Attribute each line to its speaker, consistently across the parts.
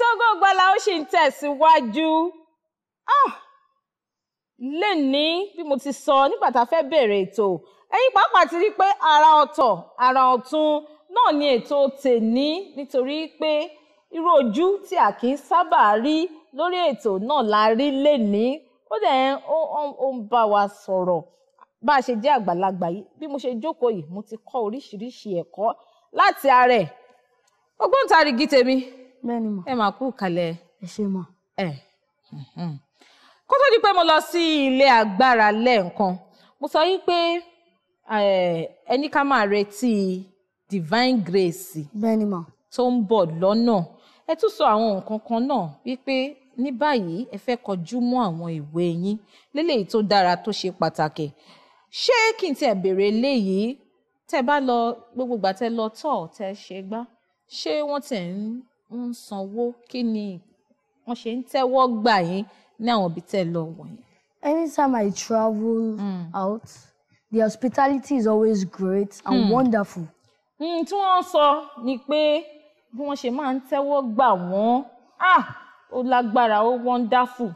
Speaker 1: ètò Ògo Ìgbàlà ó sì ń tẹ̀síwájú ah! lẹ́ni bí mo ti sọ nígbà tá a fẹ́ bẹ̀rẹ̀ ètò ẹ̀yin pàápàá ti rí pé àrà ọ̀tọ̀ àrà ọ̀tun náà ni ètò tèní nítorí pé irú ojú tí a kì í sábà rí lórí ètò náà la rí lẹ́ni ó dẹ̀ ó ń bá wa sọ̀rọ̀ bá a ṣe jẹ́ àgbàlagbà yìí bí mo ṣe jókòó yìí mo ti kọ́ oríṣiríṣi ẹ̀kọ́ láti ara ẹ̀ ògbóǹtarìgì tèmi bẹ́ẹ̀ ni mọ̀. ẹ máa kú kalẹ̀. ẹ ṣe mọ̀. ẹ mhm. kó tó di pé mo lọ sí ilé agbára lẹ́ẹ̀kan mo sọ yí pé ẹni ká máa retí divine grace. bẹ́ẹ̀ ni mọ̀. tó ń bọ̀ lọ́nà ẹ tún sọ àwọn nǹkan kan náà wípé ní báyìí ẹ fẹ́ kọjú mọ́ àwọn ìwé yín léléyìí tó dára tó ṣe pàtàkì ṣé kí n tiẹ̀ béèrè léyìí tẹ bá lọ gbogbo ìgbà tẹ lọ tọ̀ tẹ ṣe gbá ṣé wọ́n tẹ̀ ń ń sanwó kí ni wọ́n ṣe ń tẹ́wọ́ gbà yín ní àwọn ibi tẹ́ lọ wọ̀nyí.
Speaker 2: anytime I travel mm. out the hospitality is always great and mm. wonderful.
Speaker 1: tí wọ́n sọ ni pé bí wọ́n ṣe máa ń tẹ́wọ́ gbà wọ́n ah ó lágbára ó wonderful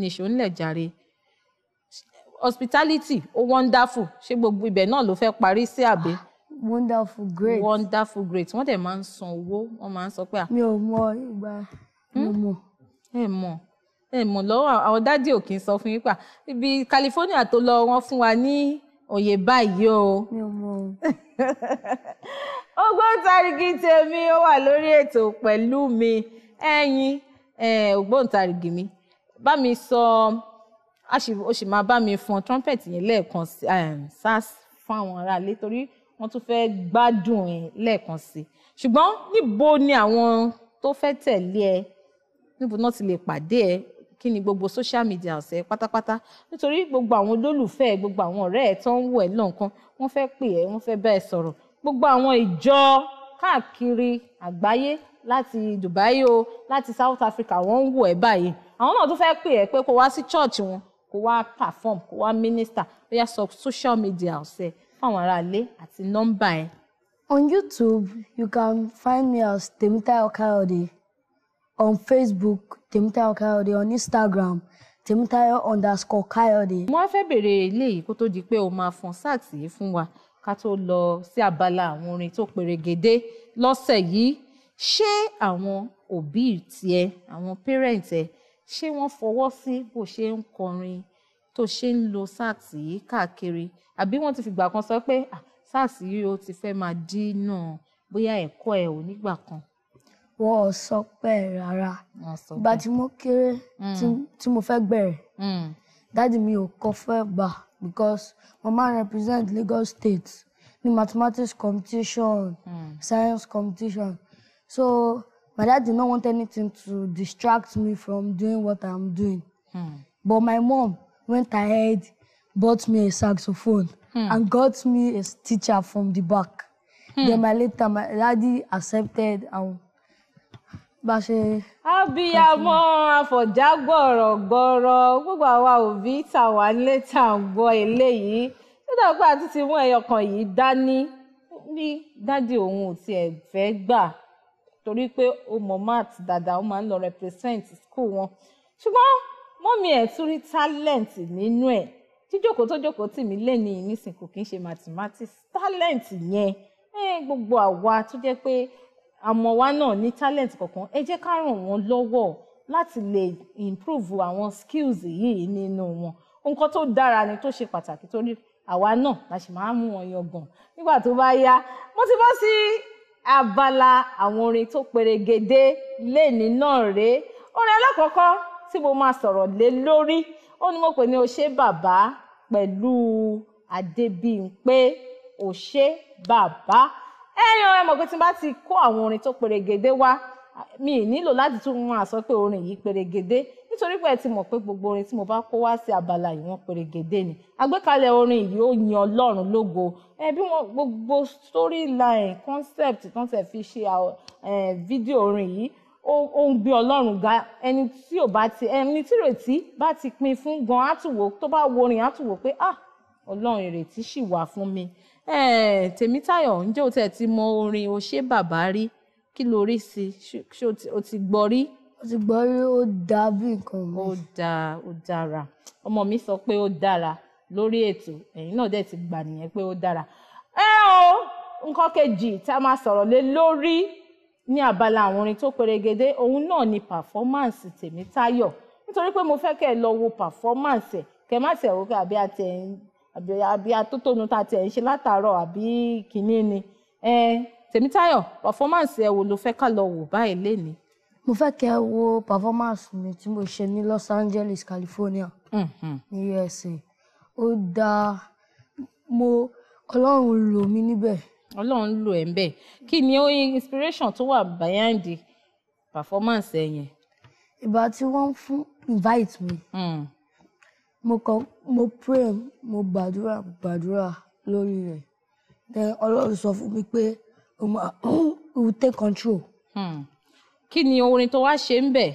Speaker 1: nìṣó ńlẹ̀ jàre hospitality ó wonderful ṣé gbogbo ibẹ̀ náà ló fẹ́ parí sí àbí. Ah
Speaker 2: wonderful
Speaker 1: great wonderful great wọ́n dẹ̀ máa ń san owó wọ́n máa ń sọ pé.
Speaker 2: mi ò mọ ìgbà mo hmm? mọ. ẹ mọ
Speaker 1: ẹ mọ lọ́wọ́ àwọn dádì ò kì í sọ fún yín pa ibi California tó lọ wọ́n fún wa ní òye báyìí o. mi ò mọ o. ògbóǹtarìgì tèmi ó wà lórí ètò pẹ̀lú mi ẹ̀yin ògbóǹtarìgì mi bá mi sọ ó sì máa bá mi fọn trumpet yẹn lẹ́ẹ̀kan sars fún àwọn aráalé torí wọ́n tún fẹ́ gbádùn ẹ̀ lẹ́ẹ̀kan sí i ṣùgbọ́n níbo ni àwọn tó fẹ́ tẹ̀lé ẹ níbo náà ti lè pàdé ẹ kí ni gbogbo social media ọ̀sẹ̀ pátápátá nítorí gbogbo àwọn olólùfẹ́ ẹ gbogbo àwọn ọ̀rẹ́ ẹ tó ń wò ẹ lọ́nkán wọ́n fẹ́ pè ẹ wọ́n fẹ́ bá ẹ sọ̀rọ̀ gbogbo àwọn ìjọ káàkiri àgbáyé láti Dubai o láti South Africa wọ́n ń wò ẹ báyìí àwọn náà tún fẹ́ pè ẹ pé kó wá sí church wọn kó wá perform kó wá minister bóyá sọ social media ọ̀sẹ̀ fáwọn aráalé àti
Speaker 2: nọ́mbà ẹ. On YouTube, you can find me as Temitayo Kayode. On Facebook, Temitayo Kayode. On Instagram, Temitayo underscore Kayode.
Speaker 1: Mo wá fẹ́ bèrè eléyìí kó tó di pé o máa fọn sax yìí fún wa ká tó lọ sí abala àwọn orin tó perégedé lọ́sẹ̀ yìí. Ṣé àwọn òbí tiẹ̀, àwọn parent ẹ̀, ṣé wọ́n fọwọ́ sí bó ṣe ń kọrin? tó ṣe ń lo sars yìí káàkiri àbí wọ́n ti fìgbà kan sọ pé ah, sars yìí ó ti fẹ́ máa dínà bóyá ẹ̀kọ́ ẹ̀ ò nígbà kan.
Speaker 2: wọn ò sọ pé rárá ìgbà tí mo kéré tí hmm. mo fẹ́ bẹ̀rẹ̀ hmm. dáàdi mi ò kọ́ fẹ́ gbà because mo máa represent Lagos State ní mathematics competition mm. science competition so my dad did not want anything to distract me from doing what I'm doing mm. but my mom went ahead, bought me a saxophone, hmm. and got me a teacher from the back. Hmm. Then my later, my daddy accepted and bá ṣe. abiyamọ afọjá gbọrọ gbọrọ gbogbo àwa òbí
Speaker 1: tà wá nílé tà ń gbọ́ eléyìí nígbà pé àti ti mú ẹyọ kan yìí dání ní dádì òun ò tiẹ̀ fẹ́ gbà torí pé ó mọ̀ math dáadáa ó máa ń lọ represent school wọn ṣùgbọ́n mọ́mí ẹ̀ tún rí talent nínú ẹ̀ jíjókòó tó jókòó tì mí lẹ́ni nísìn kò kí ń ṣe mathematics talent yẹn gbogbo àwa tó jẹ́ pé àmọ́ wa náà ní talent kọ̀ọ̀kan ẹ jẹ́ ká ràn wọ́n lọ́wọ́ láti lè improve àwọn skills yìí nínú wọn nǹkan tó dára ni tó ṣe pàtàkì torí àwa náà la sì máa ń mú wọn yangàn nígbà tó bá yá mo ti bọ́ sí abala àwọn orin tó perégedé lẹ́ni náà rèé orin alákọ̀ọ́kọ́ tí mo máa sọ̀rọ̀ lé lórí ó ní mo pè ní Òṣé Bàbá pẹ̀lú Adébímpé Òṣé Bàbá ẹ̀yin ọ̀rẹ́ mọ̀ pé tí n bá ti kó àwọn orin tó perégedé wá mi ì nílò láti tún máa sọ pé orin yìí perégedé nítorí pé ẹ ti mọ̀ pé gbogbo orin tí mo bá kó wá sí abala yìí wọ́n perégedé ni àgbékalẹ̀ orin yìí ó yan Ọlọ́run lógo ẹ bí wọ́n gbogbo storyline concept tó ń tẹ̀ fi ṣe fídíò orin yìí ó ń gbé ọlọ́run ga ẹni tí ò bá ti ẹni tí ìrètí bá ti pin fún gan àtúwò tó bá wo orin pé ah ọlọ́run ìrètí sì wà fún mi tèmítayọ̀ ǹjẹ́ o tẹ̀ ti mọ orin o ṣé bàbá rí kí lo rí sí ṣé o ti gbọ́ rí. o ti gbọ́ rí ó dáa bí nǹkan mi. ó dáa ó dára ọmọ mi sọ pé ó dára lórí ètò ẹ̀yin náà dẹ̀ ti gbà nìyẹn pé ó dára. ẹ o nǹkan kejì tá a máa sọ̀rọ̀ lé lórí ní abala àwọn orin tó perégedé òun náà ni pàfọ́mánsì Tèmítáyọ̀ nítorí pé mo fẹ́ kẹ́ ẹ lọ wo pàfọ́mánsì ẹ̀ kẹ́ má tẹ̀ wọ́pẹ́ àbí àtẹ̀ àbí atótónu tá a tẹ̀ ń ṣe látàárọ̀ àbí kìíní ni Tèmítáyọ̀ pàfọ́mánsì ẹ̀ wo ló fẹ́ ká lọ wò báyìí léni.
Speaker 2: mo fẹ́ kẹ́ ẹ wo pàfọ́mánsì mi tí mo ṣe ní Los Angeles California mm-hmm. ní USA ó dáa mo ọlọ́run lò mí níbẹ̀
Speaker 1: ọlọ́run lò ẹ́ ń kí ni ó inspiration tó wà behind performance ẹ yẹn.
Speaker 2: ìgbà tí wọ́n fún invite mi hmm. mo kàn mo pray mo gbàdúrà gbàdúrà lórí rẹ̀ then ọlọ́run sọ fún mi pé o ma o take control. Hmm. kí ni orin
Speaker 1: tó wá ṣe ń bẹ̀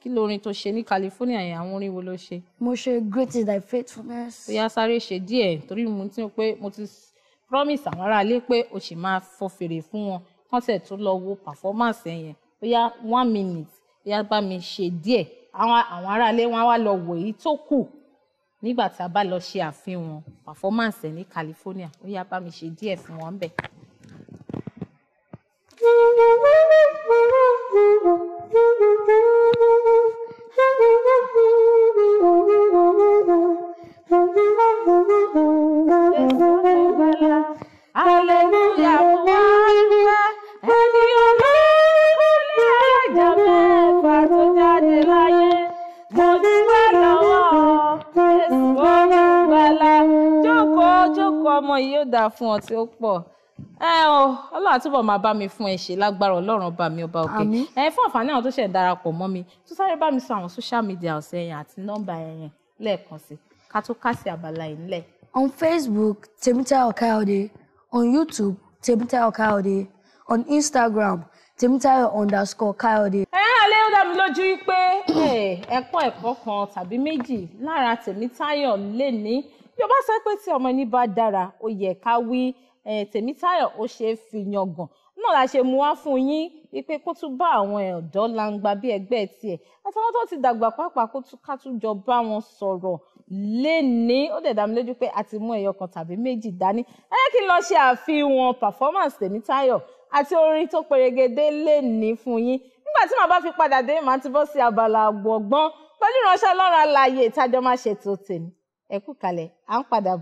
Speaker 1: kí ló orin tó ṣe ní California yẹn àwọn orin wo ló ṣe.
Speaker 2: mo ṣe great is thy faithfulness. ó
Speaker 1: yá sáré ṣe díẹ̀ torí mo ti ń pé mo ti promise àwọn aráalé pé o sì máa fọ fèrè fún wọn kán tẹ̀ tó lọ wo performance yẹn bóyá one minute bóyá bá mi ṣe díẹ̀ àwọn àwọn aráalé wọn á wá lọ wò èyí tó kù nígbà tá a bá lọ ṣe àfihàn performance ẹ̀ ní California bóyá bá mi ṣe díẹ̀ fún wọn bẹ́ẹ̀. aleluya fúnra ẹni olókùn ní ẹ̀jẹ̀ mẹ́fà tó jáde láyé mo dúpẹ́ lọ́wọ́ jésù olúwalá jókòó jókòó ọmọ yìí yóò dáa fún ọ tí ó pọ̀ ẹ ọ Ọlọ́run àtúbọ̀ máa bá mi fún ẹ ṣe lágbára Ọlọ́run ọba mi ọba òkè ẹ fún àǹfààní àwọn tó ṣẹ̀ darapọ̀ mọ́ mi tó sáré bá mi sọ àwọn social media ọ̀sẹ̀ yẹn àti nọ́mbà ẹ̀yẹn lẹ́ẹ̀kan sí ká tó kásì àbàlà yìí nílẹ̀
Speaker 2: On Facebook, Temita Okaode. On YouTube, Temita Okaode. On Instagram, Temitayo underscore Kayode. Ẹ
Speaker 1: náà lé ó dá mi lójú pé ẹ̀kọ́ ẹ̀kọ́ kan tàbí méjì lára Temitayo lè ní. Yorùbá sọ pé tí ọmọ ẹni bá dára, ó yẹ ká wí Temitayo ó ṣe é fi yangàn náà la ṣe mú wá fún yín wípé kó tún bá àwọn ọ̀dọ́ langba bí ẹgbẹ́ tiẹ̀ àtàwọn tó ti dagba pàápàá kó tún ká tún jọ bá wọn sọ̀rọ̀ léni ó dẹ̀ dá mi lójú pé a ti mú ẹyọ kan tàbí méjì dání ẹ jẹ́ kí n lọ ṣe àfihàn performance Tèmítáyọ̀ àti orin tó perégedé léni fún yín nígbà tí màá bá fi padà dé màá ti bọ́ sí abala gbọ̀ngbọ́n pẹ̀lú ìránṣẹ́ Ọlọ́run alààyè ìtajọ́ máa ṣètò tèmi ẹ kú kalẹ̀ à ń padà bọ̀.